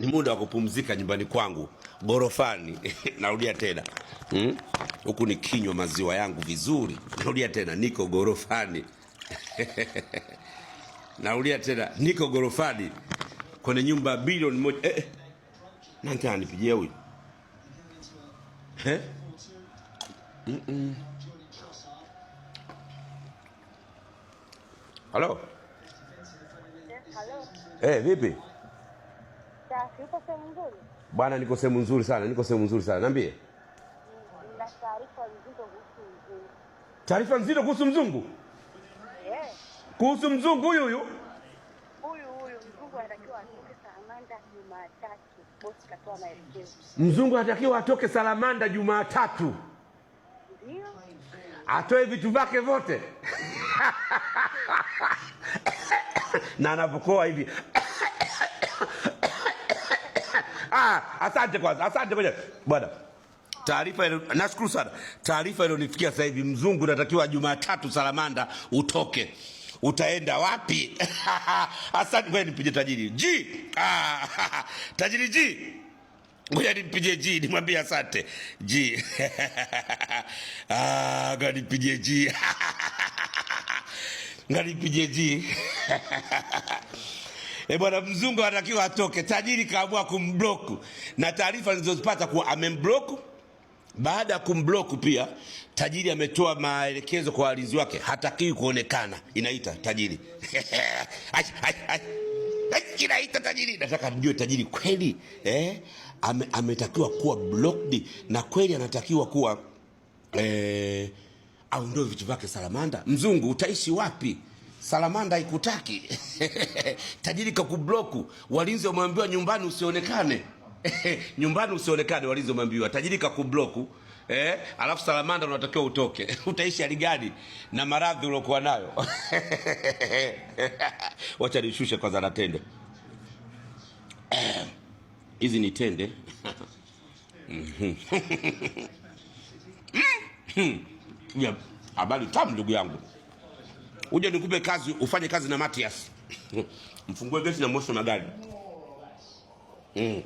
ni muda wa kupumzika nyumbani kwangu gorofani. Narudia tena hmm? huku, hmm? Nikinywa maziwa yangu vizuri. Narudia tena, niko gorofani. Narudia tena, niko gorofani kwenye nyumba bilioni moja. Eh, eh. nani anipigia huyu eh? mm -mm. Halo eh, vipi? sehemu nzuri bwana? Niko sehemu nzuri sana, niko sehemu nzuri sana. Niambie taarifa nzito kuhusu mzungu, kuhusu mzungu huyu huyu mzungu anatakiwa atoke Salamanda Jumatatu, atoe vitu vyake vyote na anapokoa hivi Ah, asante kwanza, asante kwanza bwana. Taarifa ile nashukuru sana, taarifa ilonifikia sasa hivi. Mzungu natakiwa Jumatatu Salamanda utoke utaenda wapi? Asante. Ngoja nimpige tajiri G. Ah, tajiri G, ngoja nimpige G nimwambie asante G. Ah, ngoja nimpige G, ngoja nimpige G E, bwana mzungu anatakiwa atoke. Tajiri kaamua kumblock, na taarifa nilizozipata kuwa amemblock. Baada ya kumblock pia tajiri ametoa maelekezo kwa walinzi wake, hatakiwi kuonekana. Inaita tajiri inaita tajiri, nataka nijue tajiri kweli eh, ame, ametakiwa kuwa blocked na kweli anatakiwa kuwa eh, aondoe vitu vyake Salamanda. Mzungu utaishi wapi? Salamanda haikutaki tajiri kakubloku. Walinzi wameambiwa nyumbani usionekane nyumbani usionekane, walinzi wameambiwa, tajiri kakubloku eh, alafu salamanda unatakiwa utoke. Utaishi hali gani na maradhi uliokuwa nayo? Wacha nishushe kwanza na tende hizi ni tende mm-hmm. mm. hmm. habari tamu, ndugu yangu uje nikupe kazi ufanye kazi na Matias hmm. mfungue gesi na mwosho magari mm.